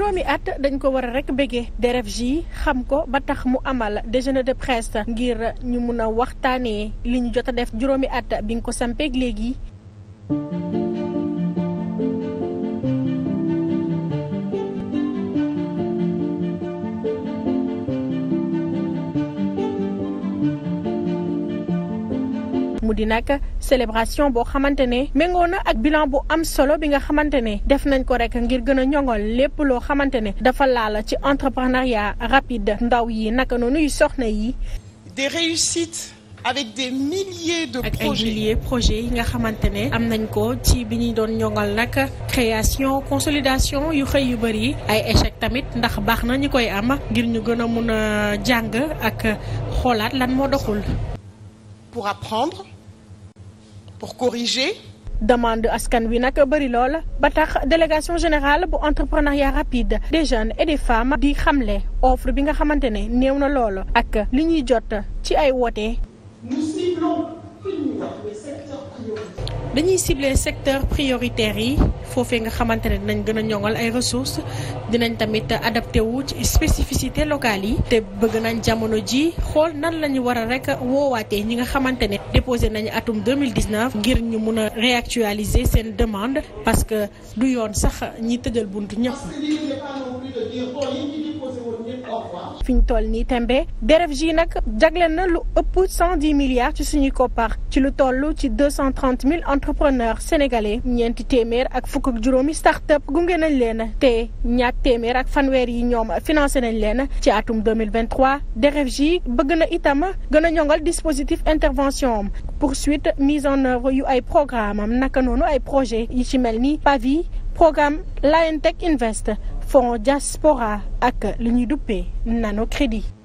juróomi at dañ ko war a rek bëggee DEREFJ xam ko ba tax mu amal déjeuner de presse ngir ñu mun a waxtaanee li ñu jot a def juróomi at bi nga ko sampeek léegi. mu di nag célébration boo xamante ne méngoon na ak bilan bu am solo bi nga xamante ne def nañ ko rek ngir gën a ñoŋol lépp loo xamante ne dafa laal ci entrepreneuriat rapide ndaw yi naka noonu yu soxna yi. des réussites. avec des milliers de projets ak ay milliers projets yi nga xamante ne am nañ ko ci bi ñuy doon ñoŋal nag création consolidation yu xëy yu bëri ay échec tamit ndax baax na ñu koy am ngir ñu gën a mun a jàng ak xoolaat lan moo doxul. pour apprendre. pour corriger. demande askan wi nag bëri lool ba tax délégation générale bu entrepreneuriat rapide des jeunes et des femmes di xamle offre bi nga xamante ne néew na lool ak li ñuy jot ci ay woote. dañuy cibler secteur prioritaire yi foofee nga xamante ne dinañ gën a ñoŋal ay ressources dinañ tamit adapté wu ci spécificité locale yi te bëgg nañ jamono ji xool nan lañu waral war a rek woowaatee ñi nga xamante ne déposé nañu atum 2019 ngir ñu mun a réactualiser seen demande parce que du yoon sax ñi tëjal buntu ñëpp fi ñu toll nii tembe DEREFJ nag jagleel na lu ëpp cent dix milliards ci suñuy koppar ci lu toll ci deux cent mille entrepreneurs sénégalais ñeenti téeméer ak fukk ak juróomi start-up gunge nañ leen te ñaar téeméer ak fanweer yi ñoom financé nañ leen ci atum deux mille vingt trois bëgg na itam gën a ñongal dispositif intervention am poursuite mise en œuvre yu ay programme am naka noonu ay projet yi ci mel ni PAVI programme Lion Tech Invest fonds diaspora ak li ñuy duppee nano crédit